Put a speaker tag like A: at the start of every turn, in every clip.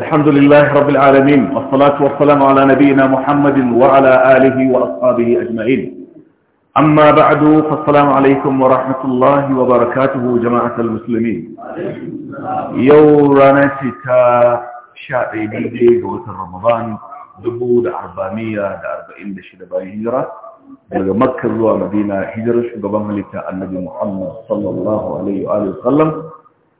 A: الحمد لله رب العالمين والصلاة والسلام على نبينا محمد وعلى آله وأصحابه أجمعين أما بعد فالسلام عليكم ورحمة الله وبركاته جماعة المسلمين يورانا ستا شعبي بيدي جوة رمضان دبود أربعمية أربعين دشدة هجرة daga makka zuwa madina قبام لتا النبي محمد صلى الله عليه وآله وسلم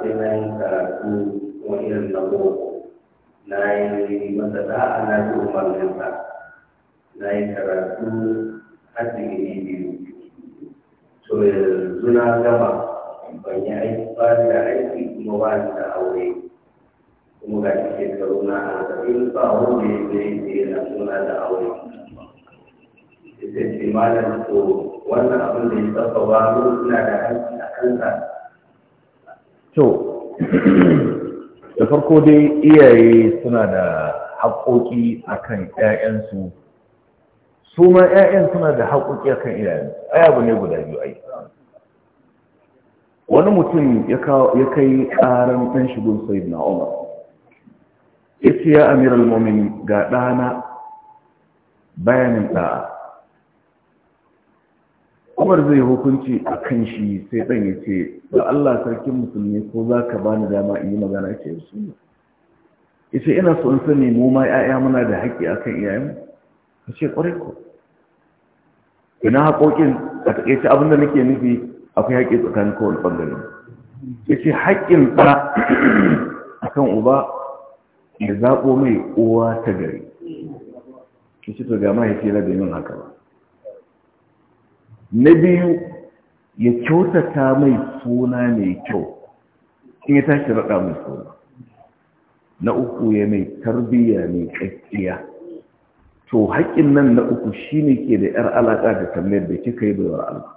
B: sai na yi karatu kuma irin na boko na yi masa da'a na ji umarninsa na yi karatu har digiri biyu to yanzu na gama ban yi aiki ba da aiki kuma ba ni da aure kuma ga shekaru na arba'in ba wanda ya zai zai na suna da aure ita ce malam to wannan abin da ya saba ba mu suna da hanci a kansa
A: to da farko dai iyaye suna da haƙoƙi akan ƴaƴansu su ma ƴaƴan suna da haƙoƙi akan iyayen ai abu ne guda biyu ai wani mutum ya kai ƙaran ɗan shigun sai na umar ya ce ya amiral momin ga ɗana bayanin ɗa'a umar zai hukunci a kan shi sai ɗan ya ce da allah sarkin musulmi ko za ka bani dama in yi magana ce su ya ce ina son sani mu ma ya'ya muna da haƙƙi a kan iyayen ka ce ƙwarai ko ina haƙoƙin a taƙaice abin da nake nufi akwai haƙƙi tsakanin kowane ɓangare ya ce haƙƙin ɗa a kan uba ya zaɓo mai uwa ta gari ya ce to ga mahaifi na da yin haka ba na biyu ya kyautata mai suna mai kyau in ya tashi raɗa mai suna na uku ya mai tarbiyya mai kakkiya to haƙƙin nan na uku shi ne ke da 'yar alaƙa da tambayar da kika yi baiwar Allah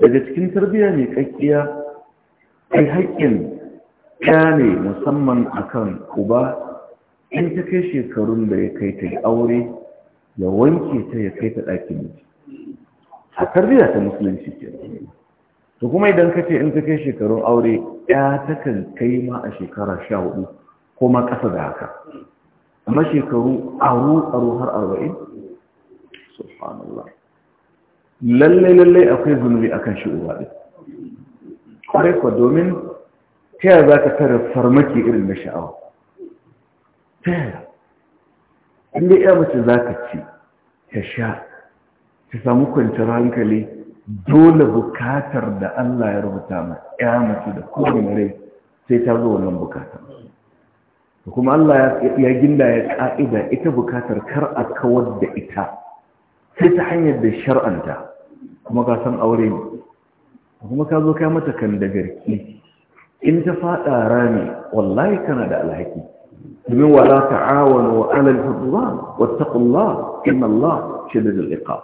A: daga cikin tarbiyya mai ƙaƙƙiya ai haƙƙin ya ne musamman a akan kuba in ta kai shekarun da ya kai ta aure ya wanke ta ya kai ta ɗakin mutu. a tarbiyya ta musulunci ke to kuma idan ka ce in ta kai shekarun aure ya ta kan kai ma a shekara sha hudu ko ma ƙasa da haka amma shekaru aru aru har arba'in subhanallah lalle lalle akwai zunubi akan shi uba ɗin kwarai kwa domin ta yaya za ka tara farmaki irin na sha'awa ta yaya in dai ya mace za ka ci ta sha ta samu kwanciyar hankali dole bukatar da Allah ya rubuta ma ya mace da kowane rai sai ta zo wannan bukatar kuma Allah ya ginda ya ƙa'ida ita bukatar kar a kawar da ita sai ta hanyar da shar'anta kuma ka san aure ne kuma ka zo kai mata kan da garki in ta faɗa rami wallahi kana da alhaki domin wala ta'awanu wa alal hudwan wattaqullah inna Allah shadidul iqab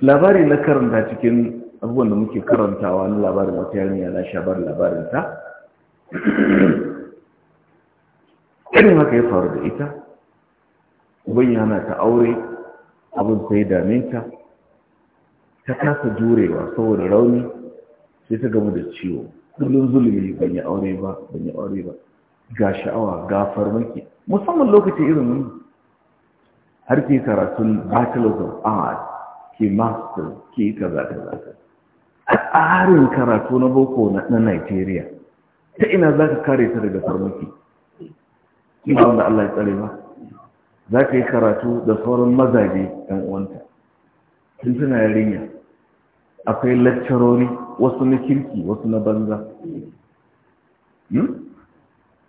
A: labari na karanta cikin abubuwan da muke karantawa na labarin wata yarinya na shabar labarinta. irin haka ya faru da ita uban yana ta aure abin sai dame ta ta kasa jurewa saboda rauni sai ta gamu da ciwo kullum zulumi ban yi aure ba ban yi aure ba ga sha'awa ga farmaki musamman lokacin irin wani har ke karatun bachelors of art ke master ke kaza kaza a tsarin karatu na boko na nigeria ta ina za ka kare ta daga farmaki ina wanda allah ya tsare ba za ka yi karatu da sauran mazaje ɗan uwanta tun suna yarinya akwai lakcarori wasu na kirki wasu na banza hmm?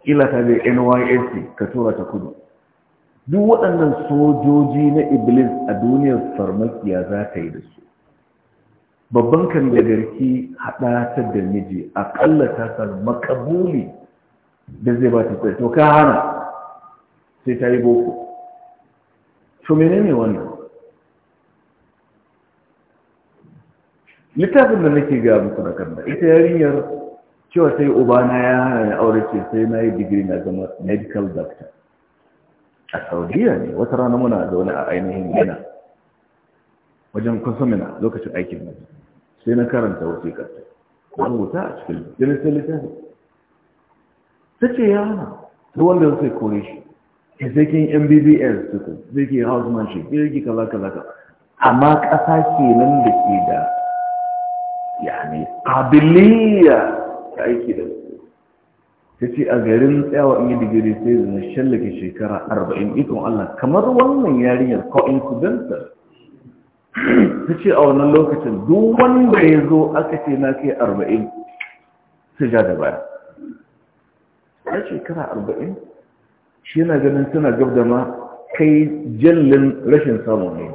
A: kila ta je nysc ka tura ta kudu duk waɗannan sojoji na iblis a duniyar farmakiya za ta yi da su babban kan da garki haɗa ta da miji aƙalla ta san makabuli da zai ba ta tsaye to ka hana sai ta yi boko to menene wannan littafin da nake ga muku na kanna ita yarinyar cewa sai ubana ya hana aure ce sai na yi digiri na zama medical doctor a saudiya ne wata rana muna zaune a ainihin yana wajen kusurmina lokacin aikin nan sai na karanta wasiƙar ta wuta a cikin jirgin littafi ta ce ya hana duk wanda zai kore shi ke sai kin mbbs suku zai ke housemanship zai ke kaza kaza kaza amma ƙasa ke nan da ke da ya yani ƙabiliya da aiki da ta ce a garin tsayawa in yi digiri sai zama shallake shekara arba'in ikon Allah kamar wannan yarinyar coincidental ta ce a wannan lokacin duk wanda ya zo aka ce na kai arba'in su ja da baya a shekara arba'in shi na ganin suna gab da ma kai jallin rashin samun ne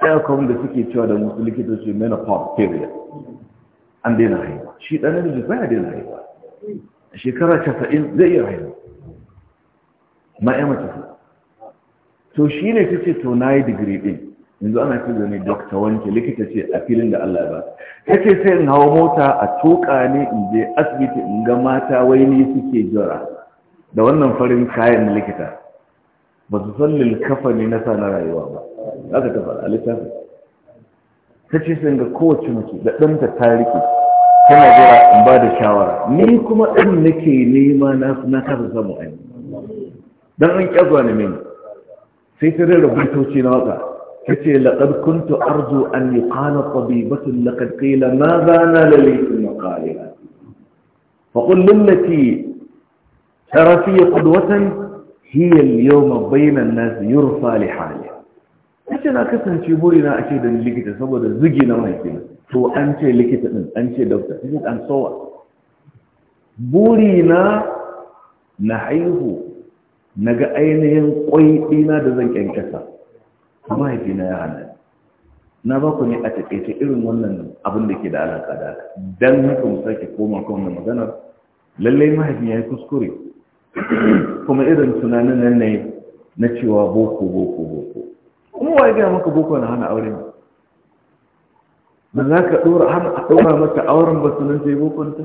A: Ya kawun da suke cewa da musu likitoci menopause period an daina haihuwa shi ɗan namiji ya daina haihuwa a shekara casa'in zai iya haihuwa ma ya mace to shi ne ta ce to na yi digiri ɗin yanzu ana ce zane dokta wanke likita ce a filin da Allah ba ta ce sai in hawa mota a toka ne in je asibiti in ga mata wai ne suke jira da wannan farin kayan na likita ba su san lilkafa ne na sa na rayuwa ba za ka tafa a littafin ta ce sun ga kowace mace da ɗanta ta rike tana jira in ba da shawara ni kuma ɗan nake nema na kasa samu ai dan an kyazwa na mini sai ta rera butoci na waka ta ce laƙar kuntu arzu an yi kana tabibatun laƙar ƙila na zana lalai na ƙalila faƙul lullati sharafi ya ƙudwatan hiyar yau mabainan nasu yurfa lihali ake na kasance buri na ake da likita saboda zugi na mahaifi to an ce likita din an ce dokta is an buri na na haihu na ga ainihin kwai dina da zan kyankasa mahaifi na ya hana na ba ku ne a taƙaice irin wannan abin da ke da alaƙa da haka don haka mu sake koma kan wannan maganar lallai mahaifi ya yi kuskure kuma irin tunanin nan ne na cewa boko boko boko kuma wa gaya maka boko na hana aure ne ba za ka ɗora hana a ɗora mata auren ba sunan sai bokon ta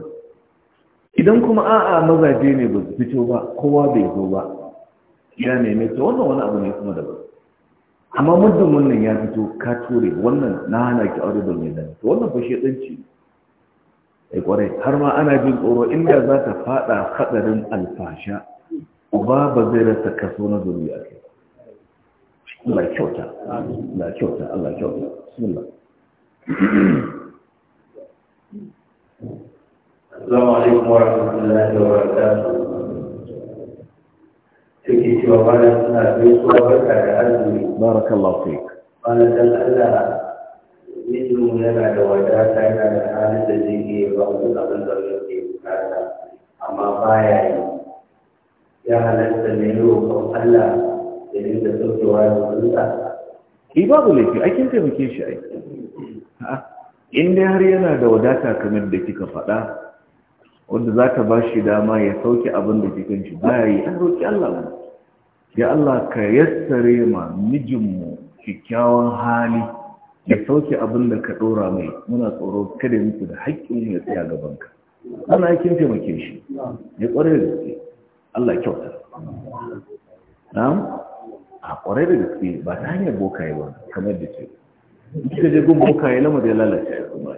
A: idan kuma a'a mazaje ne ba su fito ba kowa bai zo ba ya neme ta wannan wani abu ne kuma da ba. amma muddin wannan ya fito ka ture wannan na hana ki aure ba mai dan to wannan ba fashe ɗanci ai kwarai har ma ana jin tsoro inda za ta faɗa haɗarin alfasha uba ba zai rasa kaso na zuriya kai Allah kyauta Allah kyauta Allah kyauta suna.
B: Assalamu alaikum wa rahmatullahi suna gaisuwa da azumi
A: barakallahu
B: yana da wadata yana da halin da zai iya ba wasu abin da yake bukata amma baya yi ya halatta ne roƙon Allah ba yin
A: laifi a kin taimake shi ai in dai har yana da wadata kamar da kika faɗa wanda za ta ba shi dama ya sauke abin da kikan shi baya yi an roƙi Allah mu ya Allah ka yassare ma mijinmu kyakkyawan hali ya sauke abin da ka ɗora mai muna tsoro kada mutu da haƙƙin ya tsaya gabanka ana aikin taimake shi ya ƙware da gaske Allah kyauta na'am a ƙwarai da gaske ba ta hanyar bokaye ba kamar da ce ita je gun ya lamar ya lalace ya kuma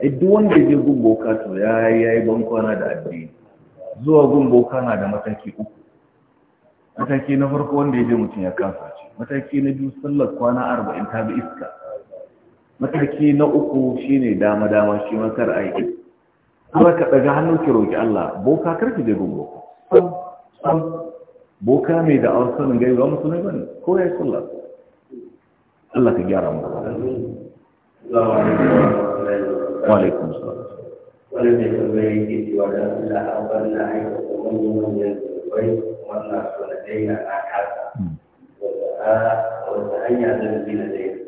A: shi duk wanda ya je gun boka to ya yi bankwana da addini zuwa gun boka na da mataki uku mataki na farko wanda ya je mutum ya kafa ce mataki na biyu sallar kwana arba'in ta bi iska mataki na uku shine dama dama shi makar aiki kuma ka ɗaga hannu ki roƙi Allah boka kar ki je gun
B: boka
A: boka mai da awon sanin gaiwa musulmi ba ne ko ya yi sallah Allah ka gyara mu
B: wa alaikum salam wani mai tambayar yake cewa da Allah an bar na aikata manyan manyan zubai wannan so na daina na kasa wanda hanya zan bi na daina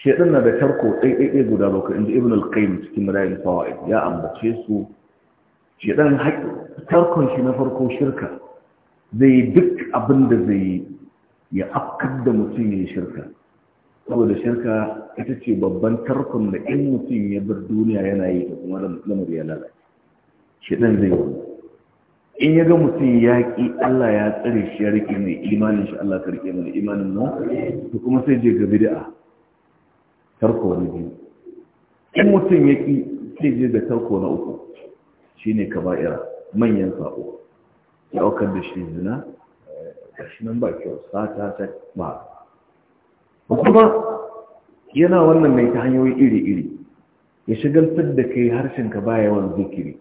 A: shaɗin na da tarko ɗaiɗaiɗai guda bakwai inda ibn al-qayyim cikin madayin fawa'id ya ambace su shaɗin tarkon shi na farko shirka zai duk abin da zai yi ya afkar da mutum ya shirka saboda shirka ita ce babban tarkon da in mutum ya bar duniya yana yi da kuma lamar ya lalace shi ɗan zai wani in ya ga mutum ya ƙi Allah ya tsare shi ya rike mai imanin shi Allah rike mai imanin mu to kuma sai je ga bid'a tarko na biyu in mutum ya ƙi sai je ga tarko na uku shine kaba'ira manyan sa'o. ya aukar da shi zina eh, shi nan ba kyau sata ta ba kuma yana wannan mai ta hanyoyi iri-iri ya shigaltar da kai harshenka ba yawan zikiri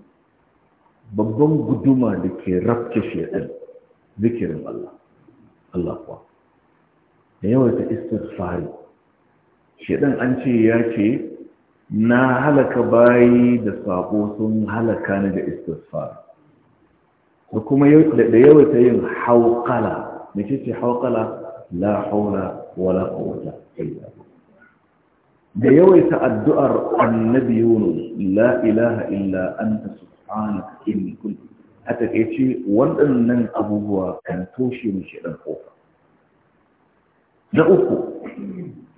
A: babban guduma da ke rafke shaɗin zikirin Allah Allah kuwa da yawaita istirfari shaɗin an ce ya ce na halaka bayi da sako sun halaka ni da istirfari da kuma da yawaita yin haukala da ce la haula wala quwwata illa da yawaita addu'ar annabi Yunus la ilaha illa anta subhanaka inni kuntu a takeice waɗannan abubuwa kan toshe mu shi dan na uku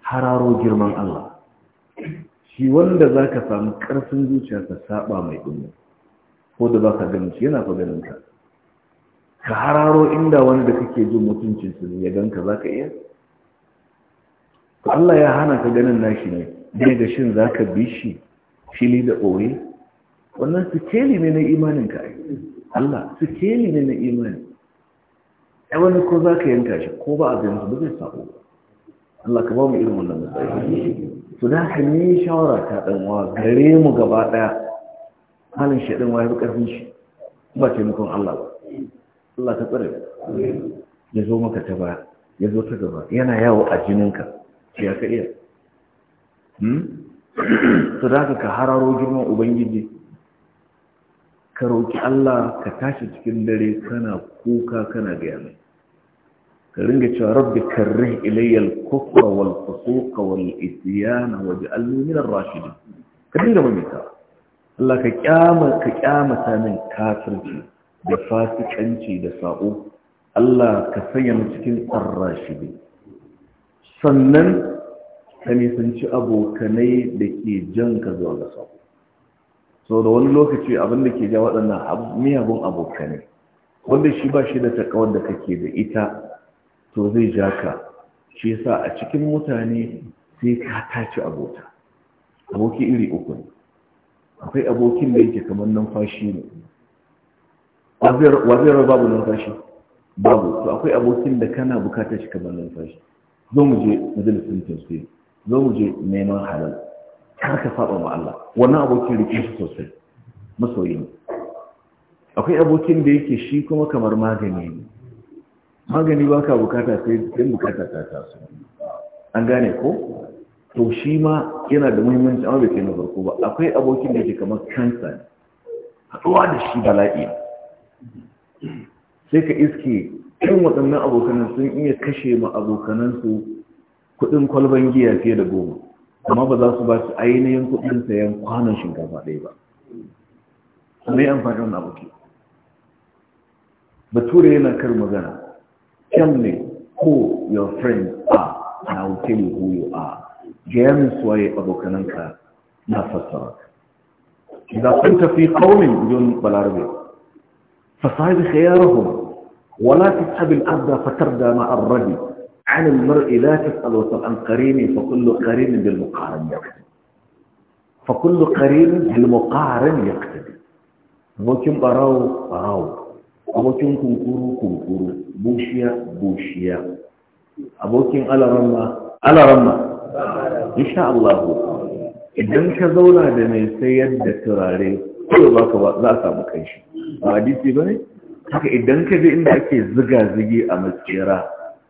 A: hararo girman Allah shi wanda zaka samu ƙarfin zuciya ka saba mai dumi ko da baka ganin shi yana fa ganin ka ka hararo inda wani da kake jin mutuncin su ne ya ganka za ka iya to Allah ya hana ka ganin nashi ne ne da shin za ka bi shi fili da ɓoye wannan keli ne na imanin ka Allah keli ne na imanin? ya wani ko za ka yanka shi ko ba a zai ba zai sa'o Allah ka ba mu irin wannan matsayi su da haka ne shawara ta ɗanwa gare mu gaba ɗaya halin shaɗin wa ya fi ƙarfin shi ba taimakon Allah ba Allah ta tsare ya zo maka ta ba ya zo ta gaba yana yawo a jininka ce ya ka iya su hmm? za ka hararo girman ubangiji ka roƙi Allah ka tashi cikin dare kana kuka kana gaya mai ka ringa cewa rabbi karri ilayyal kufra wal fusuqa wal isyana waj'alni min ar-rashidin ka dinga mai ka. Allah ka kyamata min kafirci da fasikanci da sa'o Allah ka sanya mu cikin arrashidi sannan ka nisanci abokanai da ke jan ka zuwa ga sa'o sau da wani lokaci abin da ke ja waɗannan miyagun abokanai wanda shi ba shi da takawar da kake da ita to zai ja ka shi yasa a cikin mutane sai ka tace abota aboki iri uku ne akwai abokin da yake kamar numfashi ne wazira babu numfashi babu to akwai abokin da kana bukatar shi kamar numfashi zo mu je majalisun tafsir zo mu je neman halal kar ka saba ma Allah wannan abokin rike shi sosai masoyi ne akwai abokin da yake shi kuma kamar magani ne magani ba ka bukata sai din bukata ta taso an gane ko to shi ma yana da muhimmanci amma bai kai na farko ba akwai abokin da yake kamar kansa ne haɗuwa da shi bala'i sai ka iske irin waɗannan abokanan sun iya kashe ma abokanansu kuɗin kwalban giya fiye da goma amma ba za su ba su ainihin kuɗin sayan kwanon shinkafa ɗaya ba mai amfani wannan aboki bature yana kar magana tell ne who your friend are and I will tell you who you are abokananka na fassara idan kun tafi kaumin don balarabe فصاحب خيارهم ولا تسحب الأرض فتردى مع الرجل عن المرء لا تسأل وسأل عن قريني فكل قرين بالمقارن يقتدي فكل قرين بالمقارن يقتدي abokin barawo barawo abokin kunkuru kunkuru bushiya bushiya abokin alaramma alaramma insha Allah idan ka zauna da mai sayar da turare kawai ya baka ba za a samu kanshi a hadisi ba ne haka idan ka je inda ake ziga-zige a matsera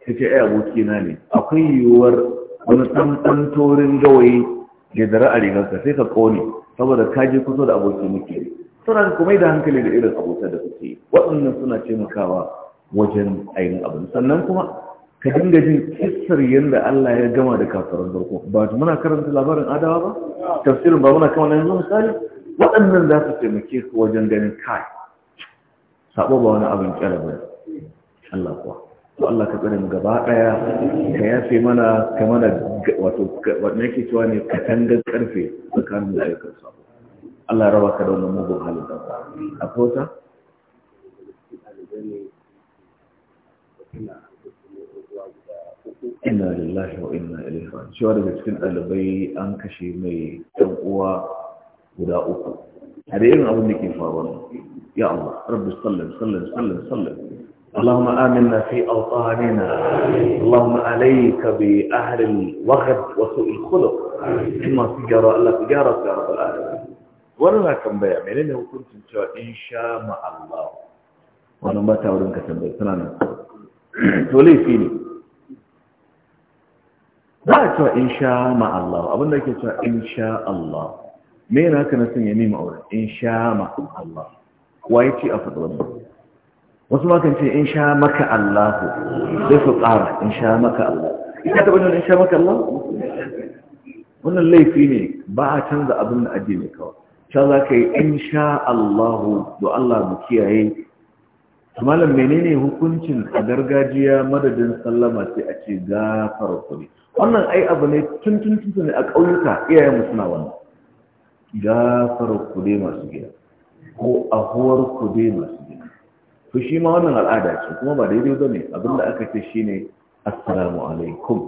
A: ka ce ai abokina ne akwai yiwuwar wani ɗan torin gawayi da dara a ka sai ka kone saboda ka je kusa da abokin muke suna kuma da hankali da irin abota da kuke waɗannan suna taimakawa wajen ainihin abu. sannan kuma ka dinga jin kisar yadda Allah ya gama da kafaran farko ba muna karanta labarin adawa ba tafsirin ba muna kama na yanzu misali waɗannan za su taimake ku wajen ganin kai sabo ba wani abin kyara ba Allah kuwa to Allah ka tsare mu gaba daya ka yafe mana ka mana wato wani yake cewa ne katangar karfe tsakanin mu da ayyukan sabo Allah raba ka da wannan mugun halin da a kota inna lillahi wa inna ilaihi raji'un shi daga cikin ɗalibai an kashe mai ɗan uwa guda uku a da irin abin da ke faruwa ya Allah rabbi sallam sallam sallam sallam اللهم آمنا في أوطاننا اللهم عليك بأهل الوغد وسوء الخلق إما تجارة ألا تجارة يا رب العالمين ولا كم بيع منين وكنت إن شاء الله وأنا ما تورن كتب سنانا تولي فيني ba a cewa in sha ma'allah abinda ke cewa in sha Allah me yana haka na sanya mim aure. in sha ma Allah waye ce a faɗi wannan wasu ma kan ce in sha maka Allah sai su tsara in sha maka Allah ita ta bani in sha maka Allah wannan laifi ne ba a canza abin da ne kawai sha za ka yi in sha Allah do Allah mu kiyaye malam menene hukuncin a gargajiya madadin sallama sai a ce gafar kuri wannan ai abu ne tun tun tun ne a ƙauyuka iyayen mu suna wannan gafar ku dai masu gida ko ahuwar ku dai masu gida to shi ma wannan al'ada ce kuma ba daidai ba ne abinda aka ce shi ne assalamu alaikum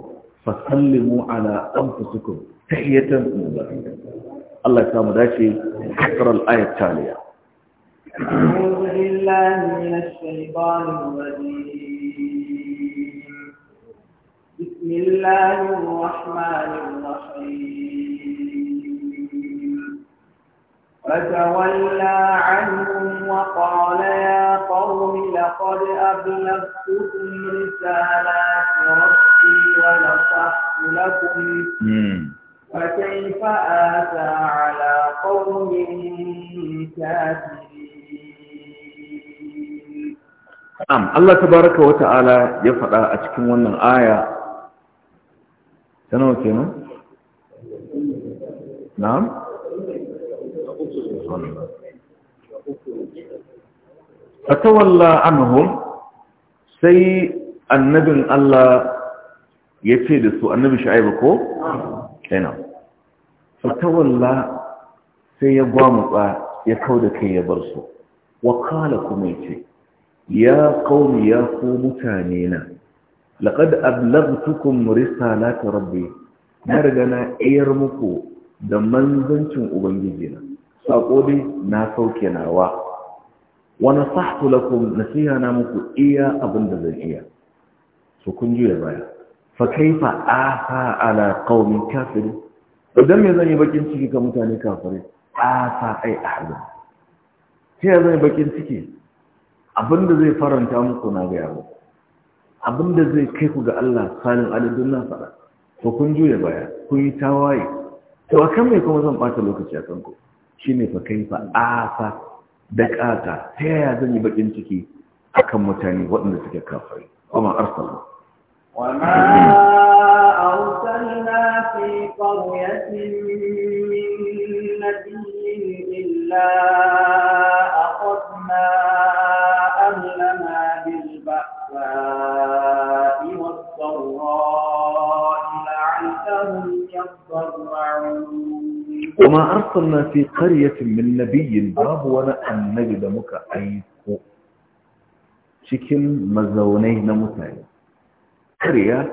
A: fasallimu ala anfusukum tahiyatan mubarakatan Allah ya samu dace kafar al-ayat taliya
C: أعوذ بالله من الشيطان الرجيم بسم الله الرحمن الرحيم فتولى عنهم وقال يا قوم لقد أبلغتكم رسالات ربي ونصحت لكم فكيف آتى على قوم
B: كافرين
A: نعم الله تبارك وتعالى يفعل أتكم الآية آية سنوتين نعم wannan fatawalla anhum sai annabin Allah ya ce da su annabi shu'aibu ko kenan fatawalla sai ya gwamutsa ya kauda kai ya bar su wa kala kuma yace ya qaumi ya ku mutane na laqad ablaghtukum risalati rabbi na riga na iyar muku da manzancin ubangiji na sako na sauke nawa wa nasahtu lakum nasiha na muku iya abin da zan iya so kun juya baya fa kaifa aha ala qaumin kafirin idan me zan yi bakin ciki ga mutane kafirai afa ai ahzan sai zan yi bakin ciki abinda zai faranta muku na gaya abin abinda zai kai ku ga Allah salin aladun na faɗa to kun juya baya kun yi tawaye to akan me kuma zan bata lokaci a kanku shine fa kaifa afa da ƙata ta yaya zan yi baƙin ciki akan mutane waɗanda suke kafari kuma arsala
C: wama arsalna fi
A: وما أرسلنا في قرية من نبي باب ولا أن نجد مك أيكو شكل مزونين متعين قرية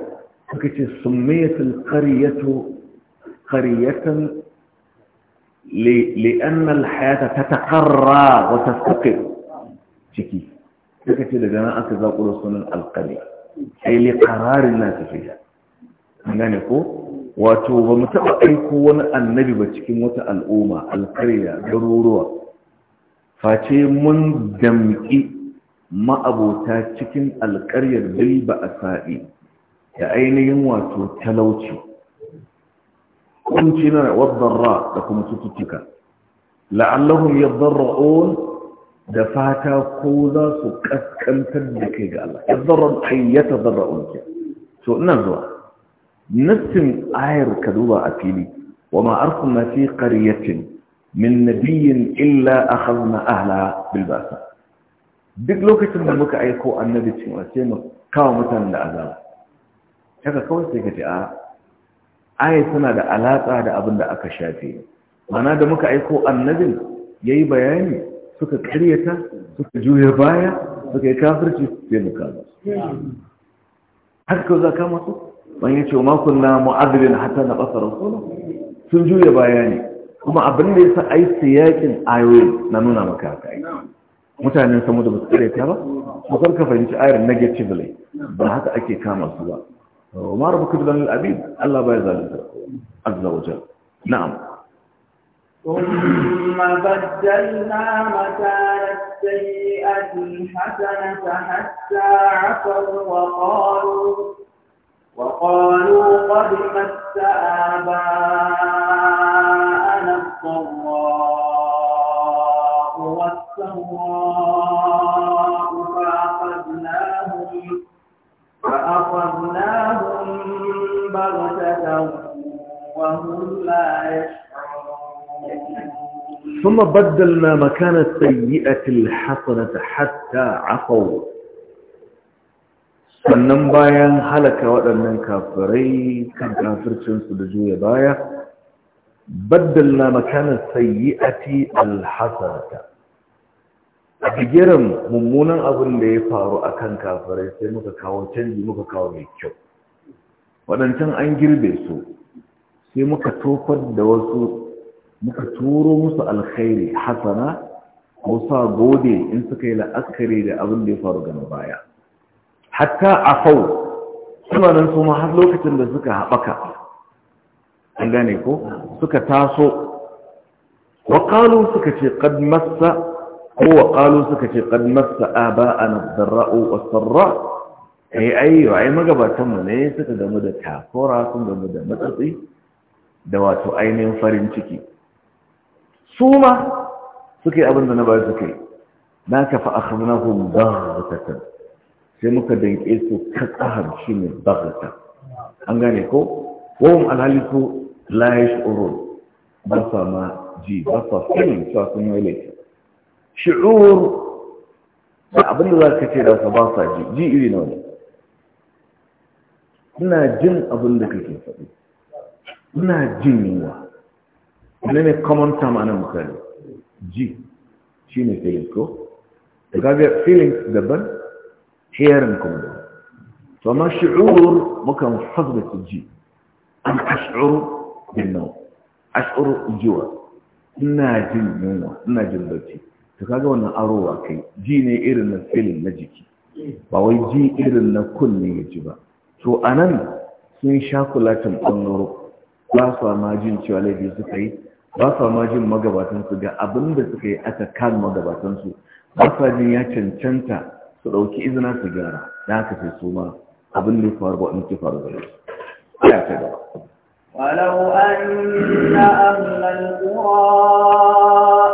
A: فكت سميت القرية قرية لأن الحياة تتقرى وتستقر شكي فكت لجماعة ذاقوا رسول القرية أي لقرار الناس فيها من يقول wato ba mu taɓa aiko wani annabi ba cikin wata al'umma alkarya garuruwa face mun damƙi ma'abota cikin alkaryar bilba a sa'i da ainihin wato talauci kunci na wadarra da kuma cututtuka la'allahum yadarra'un da fata ko za su kaskantar da kai ga Allah ya zarra ayyata zarra'un ke so ina zuwa nassin ayar ka duba a fili wa ma arsalna fi qaryatin min nabiyyin illa akhadna ahla bil ba'sa duk lokacin da muka aiko annabi cewa sai mu kawo mutanen da azaba haka kawai sai ka ce a ayar tana da alaka da abin da aka shafe mana da muka aiko annabin yayi bayani suka karyata suka juya baya suka yi su sai mu kama haka kawai za ka masu wani ya ce ma kunna mu'adilin hatta na ƙasa rasulun sun juya baya ne kuma abin da ya sa ai siyakin ayoyi na nuna maka haka ai mutanen samu da basu kare ta ba ba karka fahimci ayar negatively ba haka ake kama su ba ma rabu ka zanen abin Allah baya zalunta azza wa jal na'am
C: ثم بدلنا مكان السيئة الحسنة حتى عفوا وقالوا
B: وقالوا
C: قد مس آباءنا الضراء والسراء فأخذناهم فأخذناهم بغتة وهم لا يشعرون
A: ثم بدلنا مكان السيئة الحسنة حتى عفوا sannan bayan halaka waɗannan kafirai kan kafircinsu da juya baya baddalla makanar sayyi'ati alhasanata a bigiran mummunan abin da ya faru a kan kafirai sai muka kawo canji muka kawo mai kyau waɗancan an girbe su sai muka tofar da wasu muka turo musu alkhairi hasana ko sa gode in suka yi la'akari da abin da ya faru gana baya hatta afau suna nan su ma har lokacin da suka haɓaka an gane ko suka taso waƙalu suka ce ƙad ko waƙalu suka ce ƙad massa a ba a nazarra'u wasarra eh, ai ai ai magabatanmu ne suka gamu da takora sun gamu da matsatsi da wato ainihin farin ciki su ma suka yi abin da na ba suka yi na ka fa'akhamnahum baghtatan sai muka danke su ta tsahar shi ne bagata an gane ko Wawan alhali su laye ba sa ma ji ba sa sanin cewa sun yi laifi shi'ur da abin da za ka ce da su ba sa ji ji iri na wani ina jin abin da kake faɗi ina jin yiwa ina ne common term ana nan mutane ji shi ne feelings ko? da gabiyar feelings daban sharing kuma da to amma shi'ur mukan fasbata ji an ash'ur bin nau jiwa ina jin yunwa ina jin bacci to kaga wannan arowa kai ji ne irin na filin na jiki ba wai ji irin na kunne ya ji ba to anan sun sha kulatin ɓangaro ba su ma jin cewa laifi suka yi ba su ma jin magabatansu ga abin da suka yi aka kan magabatansu ba su jin ya cancanta su ɗauki izina su gyara da haka fi su ma abin da ya faru ba in ci faru da aya gaba ولو أن أهل القرى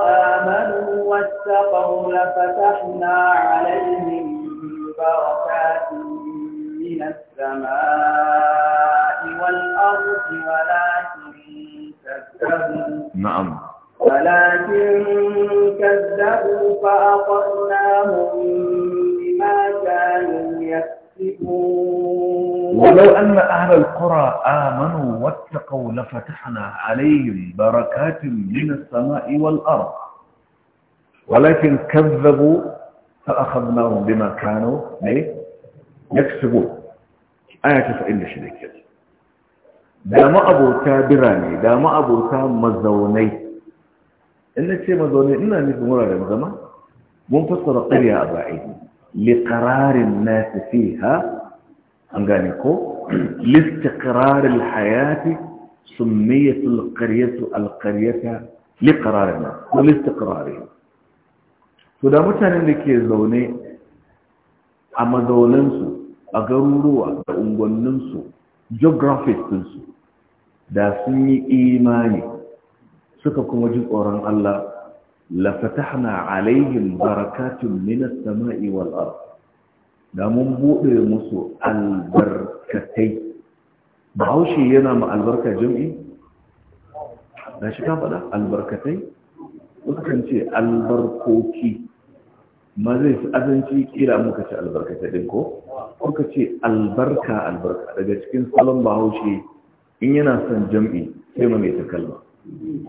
C: آمنوا واتقوا لفتحنا عليهم بركات من السماء والأرض ولكن كذبوا نعم
A: ولكن
C: كذبوا فأطعناهم ولو أن
A: أهل القرى آمنوا واتقوا لفتحنا عليهم بركات من السماء والأرض ولكن كذبوا فأخذناهم بما كانوا يكسبون آية فإن شريك دا ما أبو تا براني أبو تا مزوني إن الشيء مزوني إنا نفهم مرة لما زمان منفصل قرية أبا عيدي liƙararin nasi fiha an gane ko listiƙararin hayati summiyatul ƙaryatu alƙaryata liƙararin na ko listiƙararin to da mutanen da ke zaune a mazauninsu a garuruwa da unguwanninsu geographic da sun yi imani suka kuma ji tsoron Allah lafatahna alaihim barakatun minas sama'i wal da mun buɗe musu albarkatai bahaushe yana ma albarka jam'i? da shi ka faɗa albarkatai Wasu kan ce albarkoki ma zai fi azanci kira muka ce albarkatai ɗin ko kuka ce albarka albarka daga cikin salon bahaushe in yana son jam'i sai ma mai ta kalma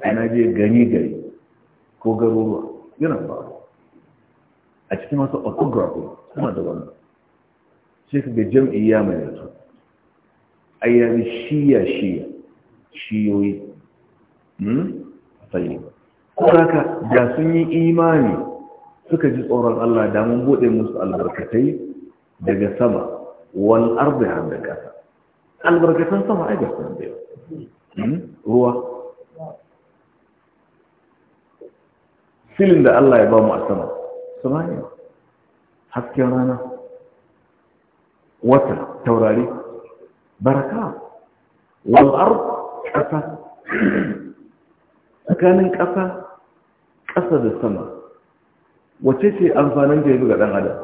A: ana je gani gari ko garuruwa yana faru a cikin wasu autography suna da wannan sai ka ga jam'i ya mai yanzu a ya shiya shiya shiyoyi tsaye hmm? ko haka da sun yi imani suka ji tsoron Allah da mun bude musu albarkatai daga sama wal ardi da kasa albarkatan sama ai ga sun da hmm? ruwa filin da Allah ya ba mu a sama samaniya hasken rana wata taurari baraka wal'ar ƙasa tsakanin ƙasa ƙasa da sama wace ce amfanin da ya ga ɗan adam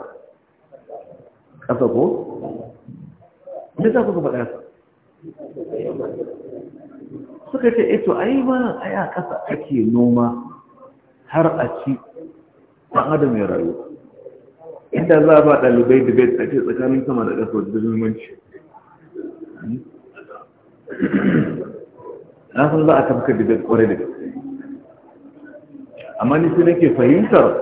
A: ƙasa ko? da za ku ga faɗa suka ce eto eh, ai ma ai a ƙasa ake noma har a ci ɗan adam ya rayu inda za a ba ɗalibai da bai tsaki tsakanin sama da ƙasa da zumunci na san za a tafka da bai ƙware da amma ni sai nake fahimtar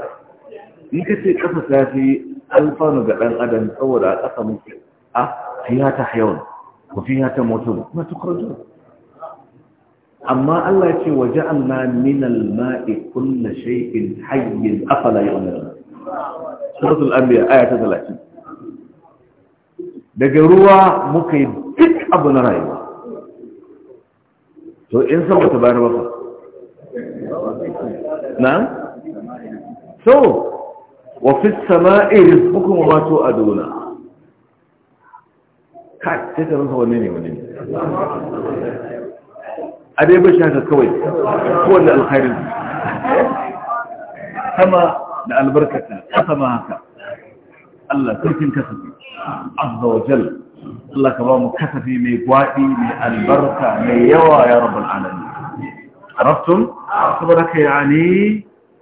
A: in ka ce ƙasa ta fi alfanu ga ɗan adam saboda a ƙasa muke a fiya ta hayawan ko fiya ta ba kuma kwarjo amma Allah ce waje Allah min al-ma'i kullu shay'in hayyin afala yu'minun suratul anbiya aya ta 30 daga ruwa muka yi duk abu na rayuwa to in san bata bayar ba na so wa fi sama'i rizqukum wa ma kai sai ka rasa wanne ne wanne ne أبي بشي هذا الكوي هو الخير كما البركة كما هكا الله تركن كسبي عز وجل الله كبير كسبي من قوائي البركة من يا رب العالمين عرفتم خبرك يعني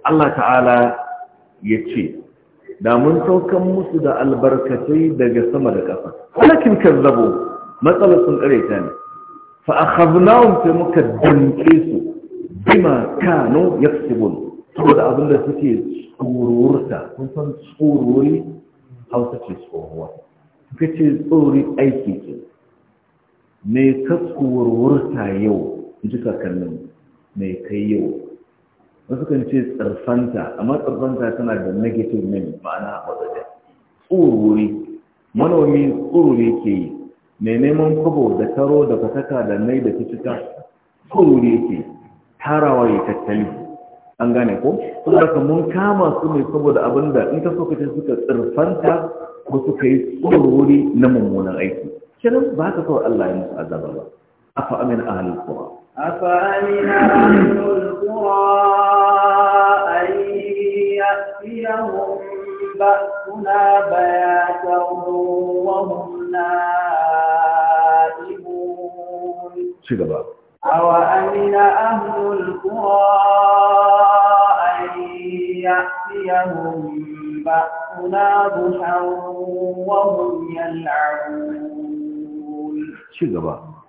A: الله تعالى يتشي دا منتو كم مسدى البركة دا جسمى لك ولكن كذبوا ما طلصوا الأريتاني fa akhadnahum sai muka danke su bima kanu yaksubun saboda abin da suke tsururta kun san tsururi hausa ce tsohuwa suka ce tsori aiki ce me ka tsururta yau ji kakannin me kai yau wasu kan ce tsarfanta amma tsarfanta tana da negative name ma'ana a wajen tsururi manomi tsururi ke yi mai neman kubo da taro da fataka da nai da fitita wuri yake tarawa ya tattali an gane ko kuma mun kama su ne saboda abin da in ka so kace suka tsirfanta ko suka yi tsorori na mummunan aiki kenan ba ka kawai Allah ya musu azaba ba afa amin ahlul qura
C: afa amin ahlul qura ay ya'tiyahum بأسنا بياتا وهم نائمون أوأمن أهل القرى أن يأتيهم بأسنا ضحى وهم يلعبون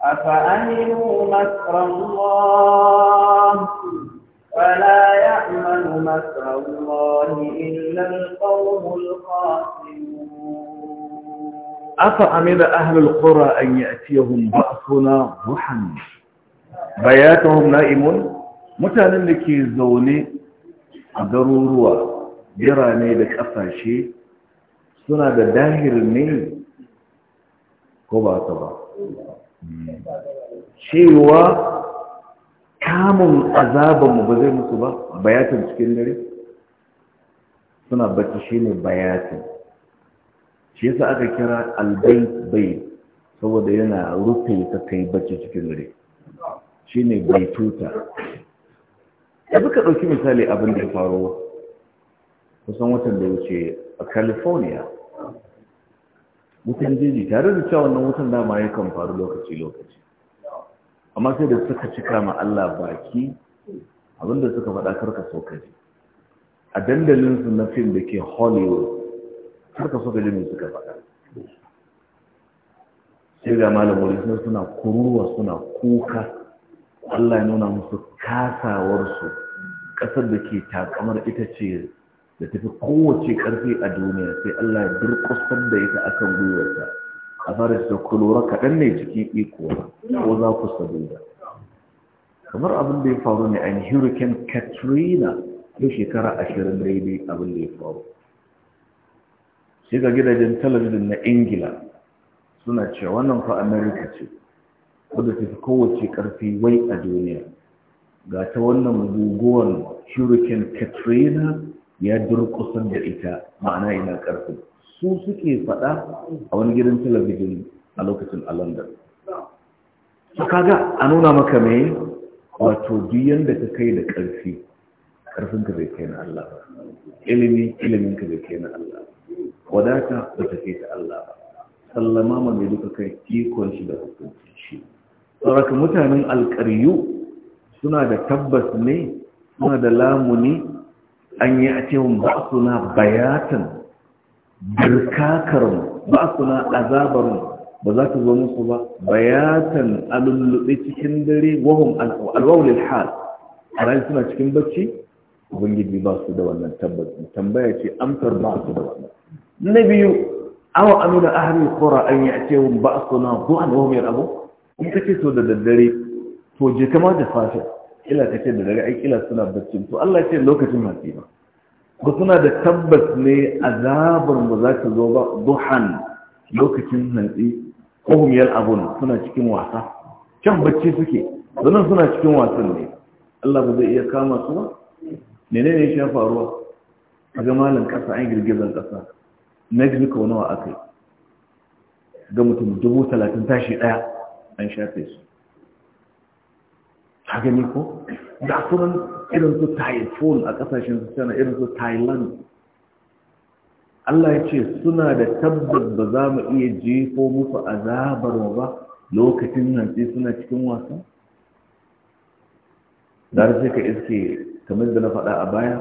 A: أفأمنوا
C: مكر الله فلا يأمن مكر الله إلا القوم الخاسرون
A: أفأمن أهل القرى أن يأتيهم بأسنا ضحى بياتهم نائمون mutanen da ke zaune a garuruwa birane da ƙasashe suna da dahir ne ko ba ta ba cewa kamun azabanmu ba zai musu ba bayatin cikin dare suna bacci ne bayatin shi yasa aka kira albai bai saboda yana rufe ta kai bacci cikin dare Shi ne bai tuta ya ka ɗauki misali abin da ya faru kusan watan da wuce a california wutan jeji tare da cewa wannan wutan dama yakan faru lokaci-lokaci amma sai da suka cika ma Allah baki abinda suka faɗa karka so ka ji a dandalinsu na fim da ke hollywood karka so ka ji suka faɗa sai ga malamori sai suna kuruwa suna kuka Allah ya nuna musu kasawarsu ƙasar da ke takamar ita ce da tafi kowace ƙarfi a duniya sai Allah ya durƙusar da ita akan gwiwarta a da ku lura kaɗan ne cikin iko ko za ku da? kamar abin da ya faru ne a hurricane katrina yau shekara ashirin daidai abin da ya faru shi ga gidajen talabijin na ingila suna cewa wannan fa america ce wadda ta fi kowace karfi wai a duniya ga ta wannan guguwar hurricane katrina ya durkusa da ita ma'ana ina karfi su suke faɗa a wani gidan talabijin a lokacin a london su kaga a nuna maka mai wato biyan da ka kai da ƙarfi ka zai kai na allah ba ilimi ka zai kai na allah wadata ba ta kai ta allah ba sallama ma mai duka kai ikon shi da hukuncin shi saraka mutanen alƙaryu suna da tabbas ne suna da lamuni an yi a cewa ba suna bayatan dirkakarmu ba suna azabarmu ba za ta zo musu ba bayatan alulluɓe cikin dare wahum alwawulil hal a rayu suna cikin bacci ubangiji ba su da wannan tabbacin tambaya ce amsar ba su da wannan na biyu awa amina ahli kora an ya'tihum ba'suna du'an wa hum yarabun in kace so da daddare to je kama da fashi kila kace da dare ai kila suna bacci to Allah ce lokacin masu ba Ku suna da tabbas ne azabar mu za ta zo ba duhan lokacin hantsi ƙohum abun suna cikin wasa can bacci suke zanen suna cikin wasan ne Allah ba zai iya kama su ba ne ne ya sha faruwa a ga malin ƙasa an girgizar ƙasa mexico nawa aka yi ga mutum dubu talatin tashi ɗaya an shafe su ta gani ko da kuma irin su typhoon a kasashen su sana irin su thailand Allah ya ce suna da tabbas ba za mu iya jefo musu azabar ba lokacin nan sai suna cikin wasa da sai ka iske kamar da na faɗa a baya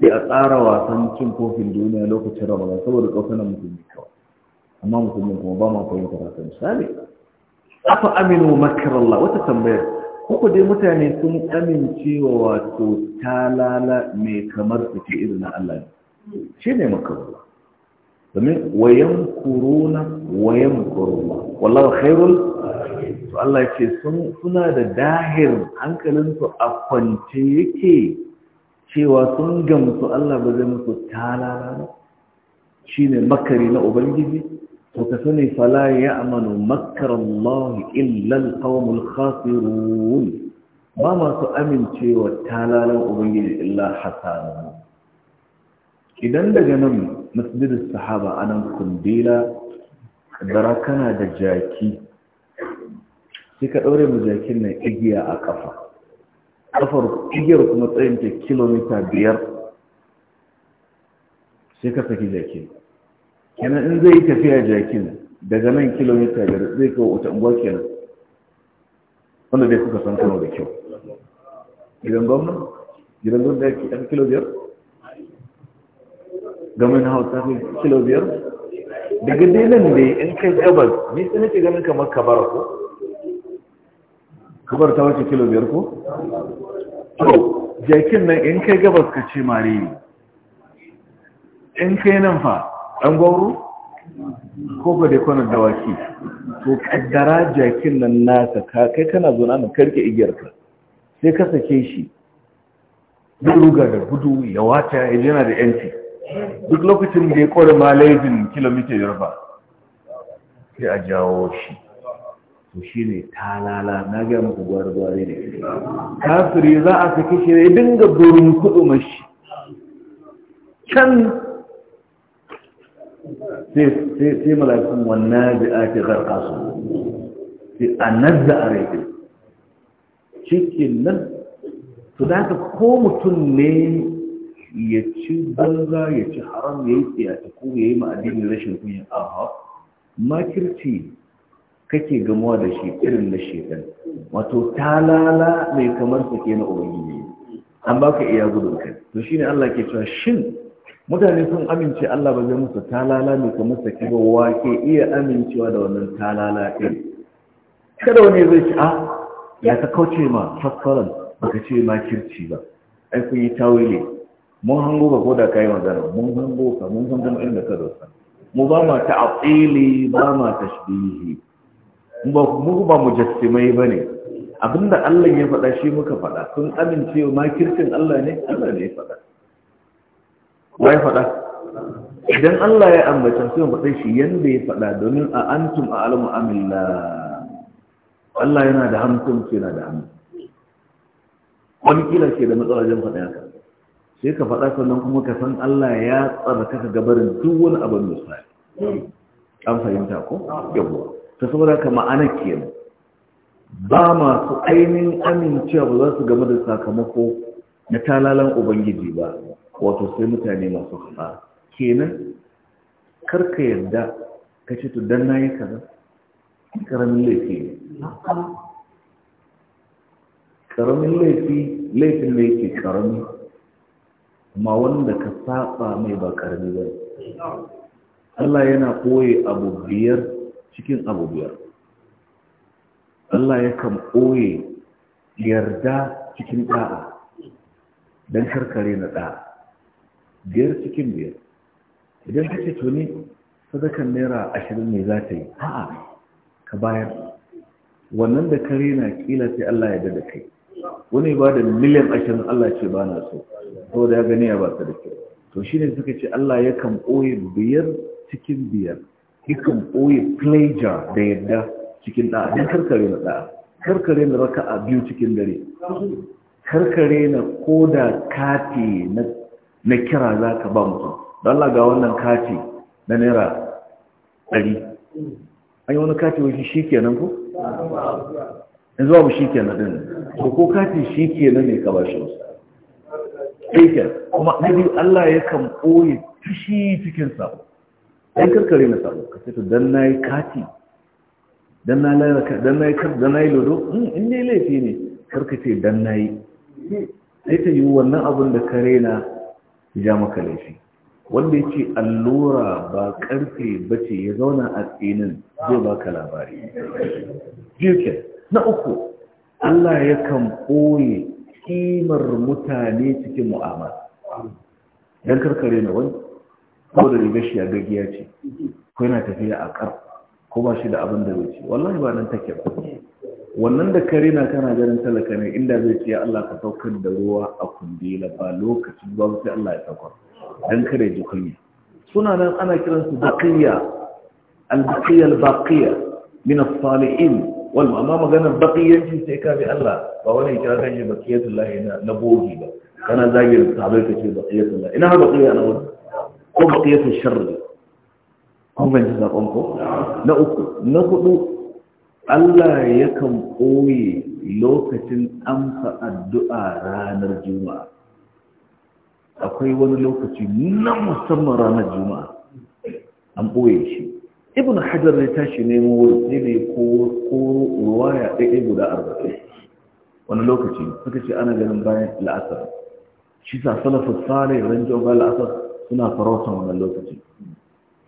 A: sai a tsara wasan cin kofin duniya lokacin ramadan saboda ƙausanan musulmi kawai amma musulmin kuma ba ma fahimta wasan misali afa aminu makarallah wata tambayar uku dai mutane sun amincewa wa wato talala mai kamar suke irin na Allah shi ne makaruwa domin wayan kuruna wayan kuruna wallawa khairul to Allah ce suna da dahir hankalinsu a kwance yake cewa sun gamsu Allah ba zai musu talala shi ne makari na Ubangiji to ka sani fala ya'manu makar Allah illa qawmul khasirun ba masu amincewa talalan ubangiji illa hasanu idan daga nan masjidin sahaba anan kundila dara da jaki sai ka ɗaure mu jakin nan igiya a ƙafa ƙafar igiyar kuma ta kilomita biyar sai ka saki jakin kenan in zai yi tafiya jakin daga nan kilomita biyar zai kawo wata unguwa kenan wanda dai kuka san kano da kyau gidan gwamna gidan gwamna ya fi kilo biyar
B: gamin hausa fi kilo biyar daga dai nan ne in kai gabas ni sai
A: nake ganin kamar kabar ko kabar ta wace kilo biyar ko to jakin nan in kai gabas ka ce mare in kai nan fa ɗan gwauru, ko ba da kwanan dawaki to kaddara jakin nan nasa ka kai kana zuna na karke igiyarka sai ka sake shi duk ruga da gudu ya wata ya yana da yanci duk lokacin da ya kore malaizin kilomita yarba sai a jawo shi to shi ne talala na gaya muku gwargwari ne kafiri za a sake shi ne dinga burin kudu mashi can sai malakun wannan da ake karka su sai a nazza a rai cikin nan su da ko mutum ne ya ci banza ya ci haram ya yi tsiyata ko ya yi ma'adini rashin kunya aha makirci kake gamuwa da shi irin na shekan wato talala mai kamar sake na ne. an baka iya gudun kai to shine Allah ke cewa shin mutane sun amince Allah ba zai musu talala ne kamar saki ba wa ke iya amincewa da wannan talala ɗin kada wani zai ci a ah, ya ka kauce ma ba baka ce ma kirci ba ai kun yi tawili mun hango ka koda kai magana mun hango ka mun san kuma inda ka dosa mu ba ma ta ta'tili ba ma ta Mu ba mu ba ne. abinda Allah ya faɗa shi muka faɗa kun amince ma kircin Allah ne Allah ne ya faɗa wai faɗa idan Allah ya ambata sai mu faɗa shi yanda ya faɗa domin a antum a alamu amilla Allah yana da hamsin ce na da hamsin wani kila ce da matsala jan faɗa haka sai ka faɗa sannan kuma ka san Allah ya tsarkaka gabarin duk wani abin misali an fahimta ko yawwa ta saboda ka ma'ana kenan ba masu ainihin amincewa ba za su game da sakamako na talalan ubangiji ba wato sai mutane masu kafa kenan karka yarda ka ce tuddan na yi kaza karamin laifi ne karamin laifi laifin da yake karami ma wanda ka saba mai ba karami ba Allah yana koye abu biyar cikin abu biyar Allah yakan koye yarda cikin ɗa'a don karkare na ɗa'a biyar cikin biyar idan ka ce to sadakan naira ashirin ne za ta yi a'a ka bayar wannan da kare na kila sai Allah ya dada kai wani ba da miliyan ashirin Allah ce ba na so saboda ya gani ya ba ta da kyau to ne suka ce Allah ya kan ɓoye biyar cikin biyar ya kan ɓoye pleasure da yadda cikin ɗa'a don karkare na ɗa'a karkare na raka a biyu cikin dare karkare na koda kati na na kira za ka ba mutum don laga ga wannan kati na naira ɗari an yi wani kati wani shi nan ko? in zuwa mu shi nan ɗin ko ko kati shi nan ne ka ba shi wasu ɗaiken kuma ɗari Allah ya kan ɓoye fushi cikin sabo ɗan karkare na sabo ka ta don na yi kati don na yi lodo hmm, in ne laifi ne karkace don na yi sai ta yi wannan abin da kare na ya maka laifi wanda ya ce allura ba karfe ba ce ya zauna a tsinin zai baka labari jirgin na uku allah ya kan ɓoye kimar mutane cikin mu'amala don karkare na wani ko da rigar shi a gagiya ce ko yana tafiya a kar ko ba shi da abin da wuce wallahi ba nan take ba wannan da kare na kana ganin talaka ne inda zai ce Allah ka saukar da ruwa a kundila ba lokacin ba sai Allah ya saukar dan kare ji kunya suna nan ana kiransu baqiya al-baqiya al-baqiya min as-salihin wal amma maganar baqiyanci sai ka bi Allah ba wani kira kan shi baqiyatullah na na bogi ba kana zagin sahabbai kace baqiyatullah ina ha baqiya na wani ko baqiyatul sharr ko ban ji zakon ko na uku na hudu Allah yakan ɓoye lokacin amsa addu'a ranar juma'a akwai wani lokaci na musamman ranar juma'a an ɓoye shi ibn hajar ne tashi nemo wurin ne ko ruwaya guda arba'in wani lokaci suka ce ana ganin bayan la'asar shi sa salafin sare ranjo ba la'asar suna farautan wannan lokaci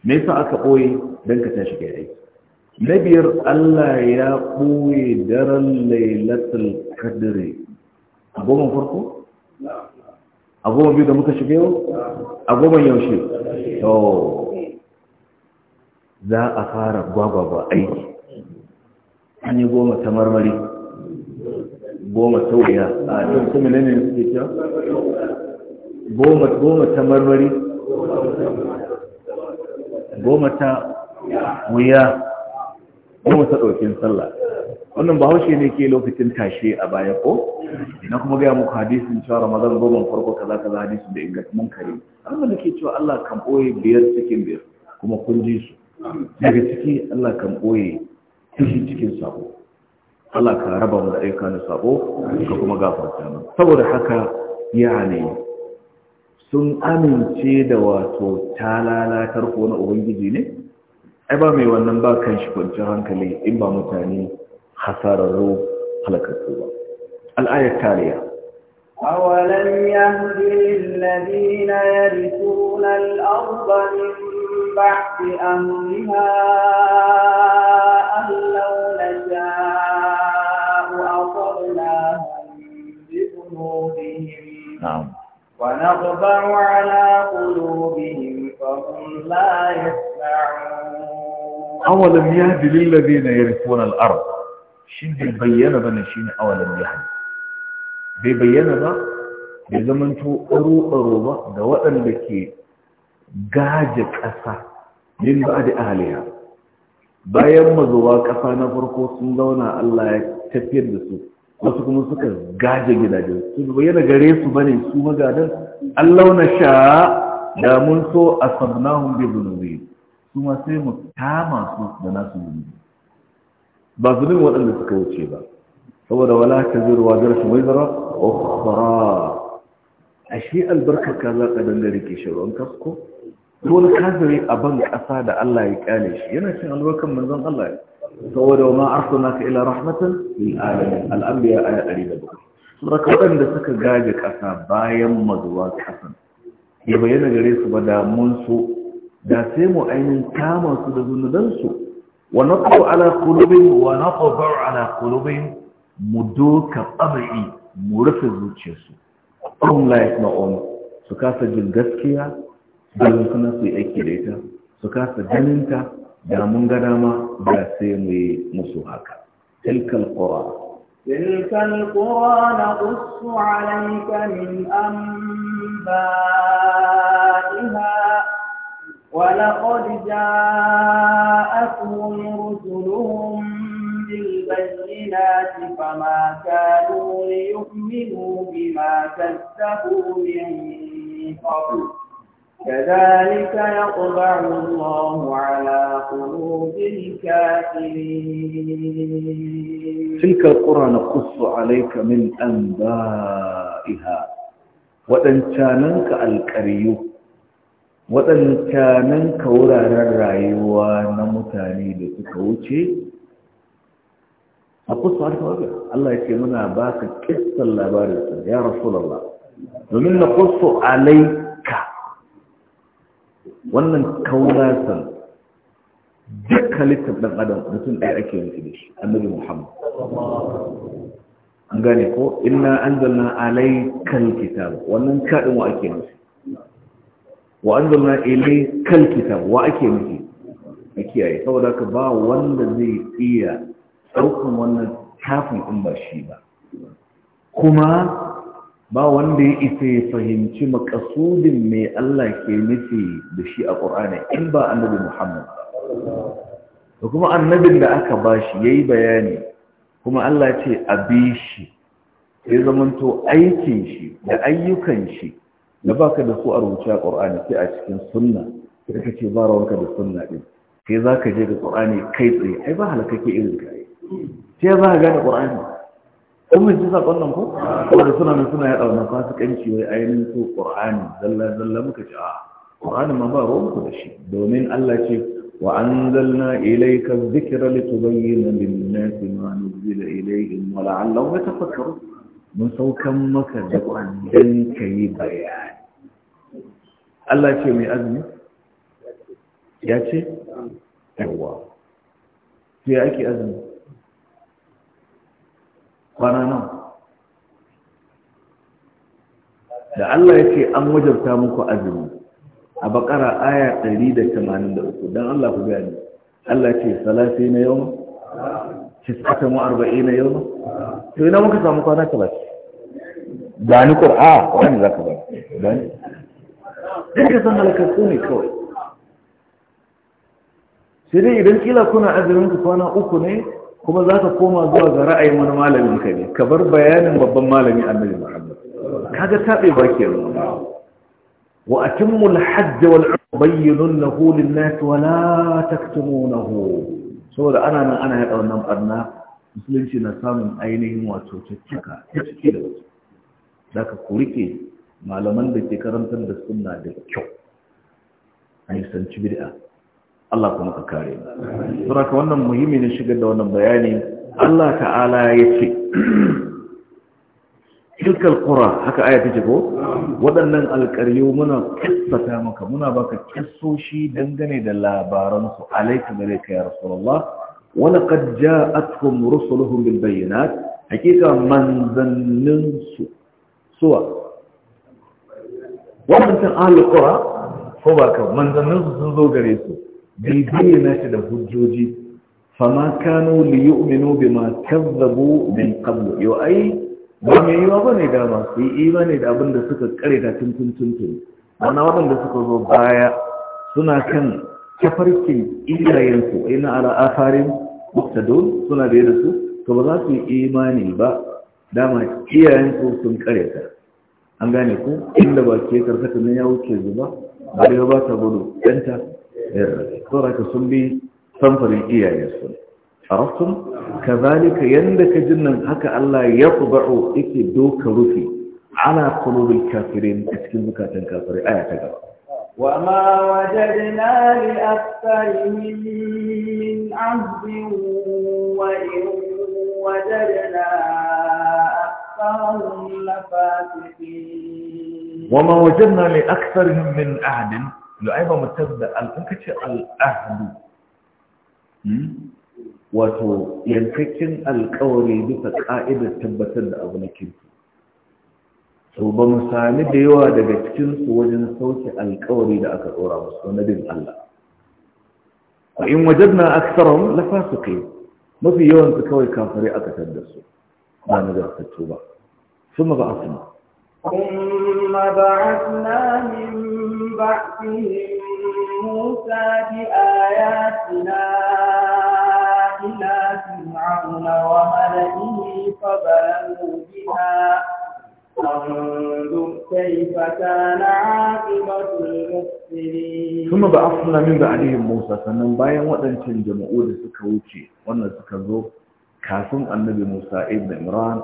A: me yasa aka ɓoye don ka tashi ga aiki na biyar Allah ya ɓoye daren lailatul kadiri a goma farko? a goma biyu da muka shiga yau? a goma yaushe? yau za a fara gwagwagwa aiki an yi goma ta marmari goma ta wuya a ɗin kuma ne suke kyau? goma ta marmari goma ta wuya goma ta ɗaukin sallah wannan bahaushe ne ke lokacin tashe a baya ko na kuma gaya muku hadisin cewa ramadan goma farko ka za hadisin da inganta mun kare amma da ke cewa Allah kan ɓoye biyar cikin biyar kuma kun ji su daga ciki Allah kan ɓoye cikin cikin sabo Allah ka raba mu da ayyuka na sabo ka kuma gafarta mu saboda haka ne sun amince da wato talalatar ko na ubangiji ne ai ba mai wannan ba kan shi kwanciyar hankali in ba mutane hasararru halakatu ba al'ayar tariya
C: awalan yahdi alladhina ya al-ardha min ba'di ahliha an law nasha'u aqadnahum bi dhunubihim na'am على قلوبهم فهم لا يسمعون
A: awalam yahdi lil zai na al ard shi bai bayyana ne awalin awalam hannu, bai bayyana ba bai zamanto aro aro ba ga waɗanda ke gaje ƙasa min ba da ahliya bayan mazuwa ƙasa na farko sun zauna Allah ya tafiyar da su wasu kuma suka gaje gidajen su bayyana gare su bane su magadan Allah na sha da mun so asabnahum bi dhunubi su sai mu kama su da nasu yi. ba su zunubin waɗanda suka wuce ba saboda wala ta zirwa zarfi mai zara ukhra ashe albarkar ka za ka dangare ke shirin kasko wani kazari a ban ƙasa da Allah ya kyale shi yana cin albarkar manzon Allah ya saboda ma arsana ka ila rahmatan lil alamin al-anbiya aya 107 suraka wadanda suka gaje ƙasa bayan mazuwa ƙasan ya bayyana gare su ba da mun da sai mu ainihin kama su da zunubansu wa naqtu ala kulubin wa naqtu ala kulubin mu doka tsabai mu rufe zuciyarsu laif na yasma'un su kasa jin gaskiya don suna su yi aiki da ita su kasa ganinta da mun gada ma, da sai mu yi musu haka tilkal qura
C: tilkal qura naqussu alayka min anba'iha ولقد جاءتهم رسلهم بالبينات فما كانوا ليؤمنوا بما كذبوا من قبل كذلك يطبع الله على قلوب الكافرين تلك القرى نقص
A: عليك من أنبائها وإن كانك الكريم waɗancanan ka wuraren rayuwa na mutane da suka wuce a kusa harka waga Allah ya ce muna ba ka kistan labarinsa ya rasulallah domin na kusa alaika wannan kaunarsa duk halittar ɗan adam mutum ɗaya ake yanki da shi annabi muhammad an gane ko inna anzalna alaikan kitabu. wannan kaɗin wa ake nufi wa anzalna ilaykal kitab wa ake miki a kiyaye saboda ka ba wanda zai iya ɗaukan wannan tafin in ba shi ba kuma ba wanda ya isa ya fahimci makasudin mai Allah ke nufi da shi a ƙorani in ba annabi Muhammad da kuma annabin da aka ba shi ya yi bayani kuma Allah ce a bi shi ya zamanto aikin shi da ayyukan shi da baka da su a rubuce a qur'ani sai a cikin sunna sai ka ce ba da sunna din sai za ka je ga qur'ani kai tsaye ai ba halakake irin ka sai za ka gane qur'ani kuma ji sakon nan ko da suna nan suna yaɗa wannan fasikanci wai ainihin so qur'ani zalla zalla muka ce a qur'ani ma ba rawanku da shi domin Allah ce وأنزلنا إليك الذكر لتبين للناس ما نزل إليهم ولعلهم يتفكرون من maka مكة دقوا عن كي بيان Allah ce mai azumi ya ce yawa ya ake azumi kwana nan da Allah ya ce an wajabta muku azumi a bakara aya 183 don Allah ku gani Allah ce salafi na yau tisata mu arba'i na yau to ina muka samu kwana talatin ba ni ƙura wani za ka ba ba ni duka san halakakku ne kawai sai dai idan kila kuna azumin ku kwana uku ne kuma za ka koma zuwa ga ra'ayin wani malamin ka ne ka bar bayanin babban malami annabi muhammad kaga tabe ba ke wa atimmu al-hajj wal bayyinunahu lin-nas wa la taktumunahu saboda ana nan ana yada wannan barna musulunci na samun ainihin wato cikaka da za ka kurike malaman da ke karantar da suna da kyau a nisanci bid'a Allah kuma ka kare saboda wannan muhimmi ne shigar da wannan bayani Allah ta'ala ya ce tilkal qura haka aya ce ko waɗannan alƙaryo muna kissata maka muna baka kissoshi dangane da labaransu su alayka gare ka ya rasulullah wa laqad ja'atkum rusuluhum hakika manzannin suwa waɗancan ahalul qura ko ba ka manzannin su sun zo gare su bai na shi da hujjoji fama kanu li yu'minu ma kazzabu min qablu Yau ai ba mai yiwa ba ne dama su yi imani da abin da suka kare ta tuntun tuntun ana waɗanda suka zo baya suna kan tafarkin a ina ala afarin muktadun suna da yadda su to ba za su yi imani ba dama su sun kare ta an gane ku inda ba ke karkata na ya wuce zuba ba da ba ta gudu ɗanta tsora eh, ka sun bi samfarin iyaye su a rafin ka ka yadda ka jin nan haka Allah ya ba'o yake doka rufi ana kulubin kafirin a cikin bukatan kafirai aya ta gaba وما
C: وجدنا لأكثرهم من عبد وإن وجدنا أكثرهم na
A: وما aksar min من أهد لأيضا da الأنكتش الأهد wato yankakin alkawari bisa ka'idar tabbatar da abu na kirki so ba mu sami da yawa daga cikinsu wajen sauke alkawari da aka tsora musu na bin Allah a in wajadna aksarar lafa su kai mafi yawansu kawai kafare aka tattar su ba nagartattu ba ثم بعثنا
C: ثم بعثنا من بعثهم موسى بآياتنا إلى فرعون وملئه فبلوا بها فانظر كيف كان عاقبة المفسدين ثم بعثنا من بعدهم
A: موسى فنن باين وأن تنجمعوا لسكوتي وأن سكزوا kafin annabi Musa ibn Imran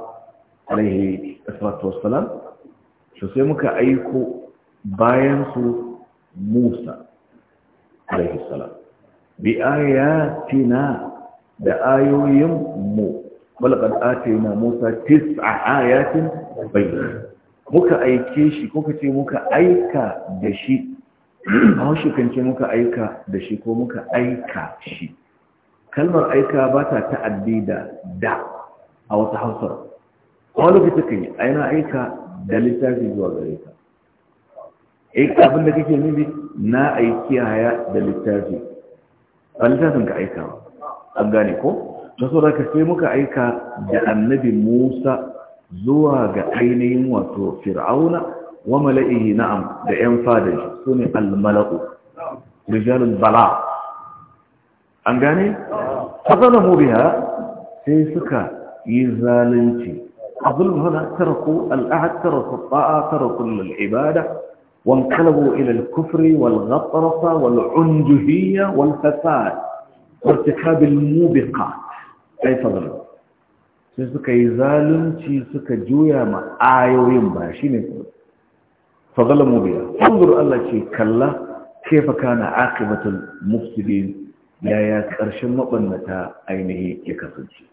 A: alaihi assalatu wassalam to sai muka aiko bayan su Musa alaihi salam bi ayatina da ayoyin mu balqad atina Musa tis'a ayatin bayyana muka aike shi ko kace muka aika da shi haushe kan ce muka aika da shi ko muka aika shi kalmar aika ba ta ta'addi da da a wata hausar a wani lokaci kan yi aina aika da littafi zuwa gare ka aika eh, abin da kake nufi na aiki haya da littafi a littafin ka aika an gane ko ta saboda ka sai muka aika da annabi musa zuwa ga ainihin wato fir'auna wa mala'ihi na'am da yan fadar su ne al-mala'u rijalul bala' an gane? ta zana mubiya sai suka yi zalunci abin hana tarku al'ahattara su ba'a tarku al'ibada wan kalabo ilil kufri wal gafarsa wal unjuhiyya wal fasad kurtikabin mubiqa ɗai fadalar sai suka yi zalunci suka juya ma ayoyin ba shi ne fadalar mubiya sun zuru allah ce kalla kefa kana akibatun mufsidin yaya ƙarshen maɓannata ainihi ya kasance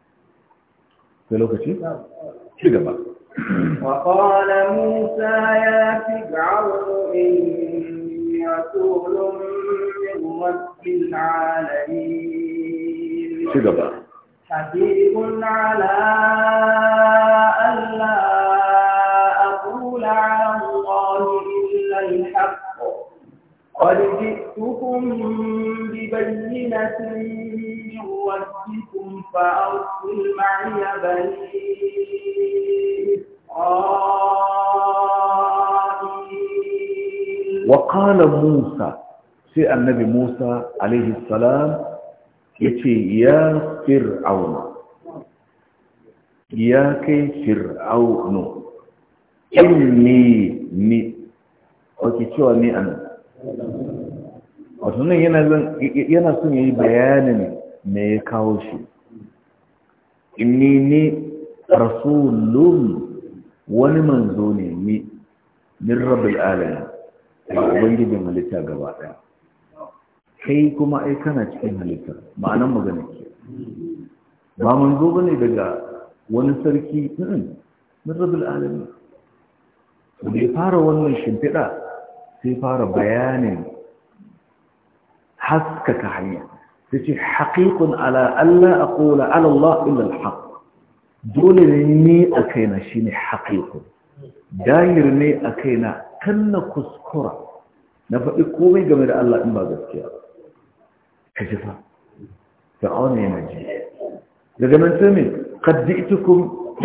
A: sai lokaci? ci gaba
C: وقال موسى يا فرعون إني ci gaba حبيب على ألا أقول على قد جئتكم ببينة من ربكم فأرسل معي بني
A: وقال موسى في النبي موسى عليه السلام يتي يا فرعون يا كي فرعون إني ني وكي شو ني أنا wato nan yana son ya yi bayanin me ya kawo shi inni ne rasulun wani manzo ne ni min rabbil alamin da ubangijin halitta gaba daya kai kuma ai kana cikin halitta ma'anan magana ke ba manzo bane daga wani sarki hmm, min rabbil alamin da ya fara wannan shimfiɗa سي فار بيان حسك كعيا سي حقيق على الا اقول على الله الا الحق دول ني اكينا شيني حقيق داير ني اكينا كن كسكره نفدي قومي غير الله ان باغسكيا كيفا فرعون ينجي لما تسمي قد جئتكم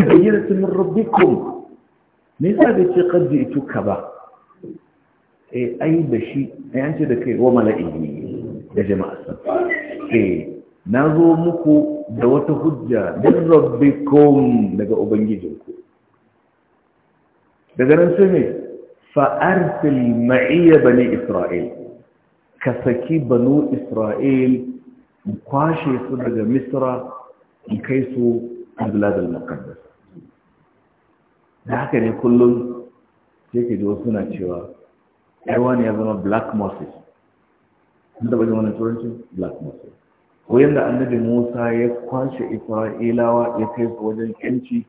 A: بينة من ربكم ليس قد جئتك بقى eh ai da shi a an da kai wa mala'ihi da jama'arsa E, eh, na zo muku da wata hujja rabbi rabbikum daga ubangijinku daga nan sai ne fa'arsil ma'iyya bani isra'il ka saki banu isra'il in kwashe su daga misra in kai su a biladar da haka ne kullum sai ke ji wasu na cewa ne ya zama black moses an taɓa jin wannan turanci black moses ko yadda annabi musa ya kwashe isra'ilawa ya kai su wajen yanci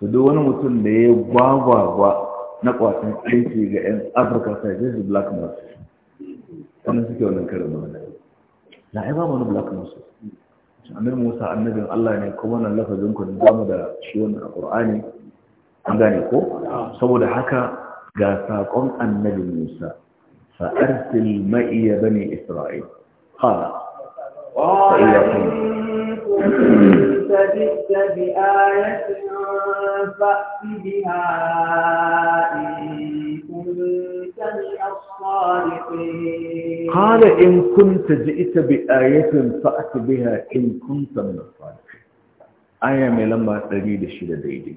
A: to duk wani mutum da ya gwagwagwa na kwasan yanci ga 'yan afirka sai ya black moses wannan suke wannan karin magana na ai ba wani black moses annabi musa annabin allah ne kuma nan lafazin ku da mu da shi wannan a an gane ko saboda haka قاساكم النبي موسى فأرسل معي بني إسرائيل قال قال
C: إن كنت جئت بآية فأت بها إن كنت من قال إن
A: كنت جئت بآية فأت بها إن كنت من الصالحين آية من لما تريد الشيء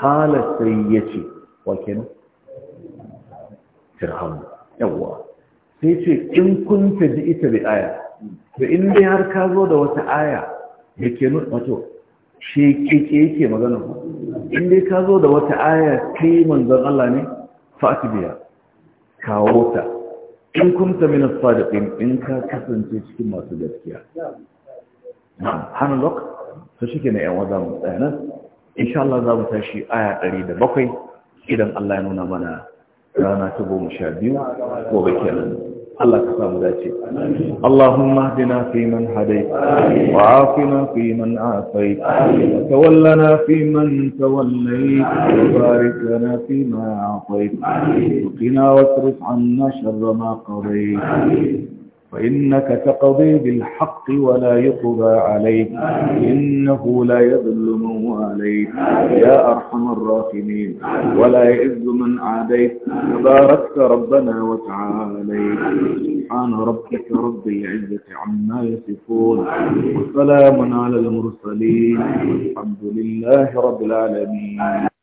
A: قال سيتي وكنا fir'aun yawwa sai ce in kun ta ji ita bi aya to in dai har ka zo da wata aya da ke nuna wato shi kike yake magana ku in dai ka zo da wata aya kai manzan Allah ne fa biya kawo ta in kunta min as ɗin in ka kasance cikin masu gaskiya na'am hanu lok to na ne yan waza mu tsaya nan insha Allah za mu tashi aya bakwai, idan Allah ya nuna mana rana ta goma sha biyu gobe kenan Allah ka samu dace Allahumma hdina fiman hadaita wa afina fiman afaita tawallana fiman tawallaita wa barik lana fima afaita qina wasrif anna sharra ma qadaita وإنك تقضي بالحق ولا يقضى عليك إنه لا يذل من يا أرحم الراحمين ولا يئذ من عاديت تباركت ربنا وتعاليت سبحان ربك رب العزة عما يصفون وسلام على المرسلين والحمد لله
B: رب العالمين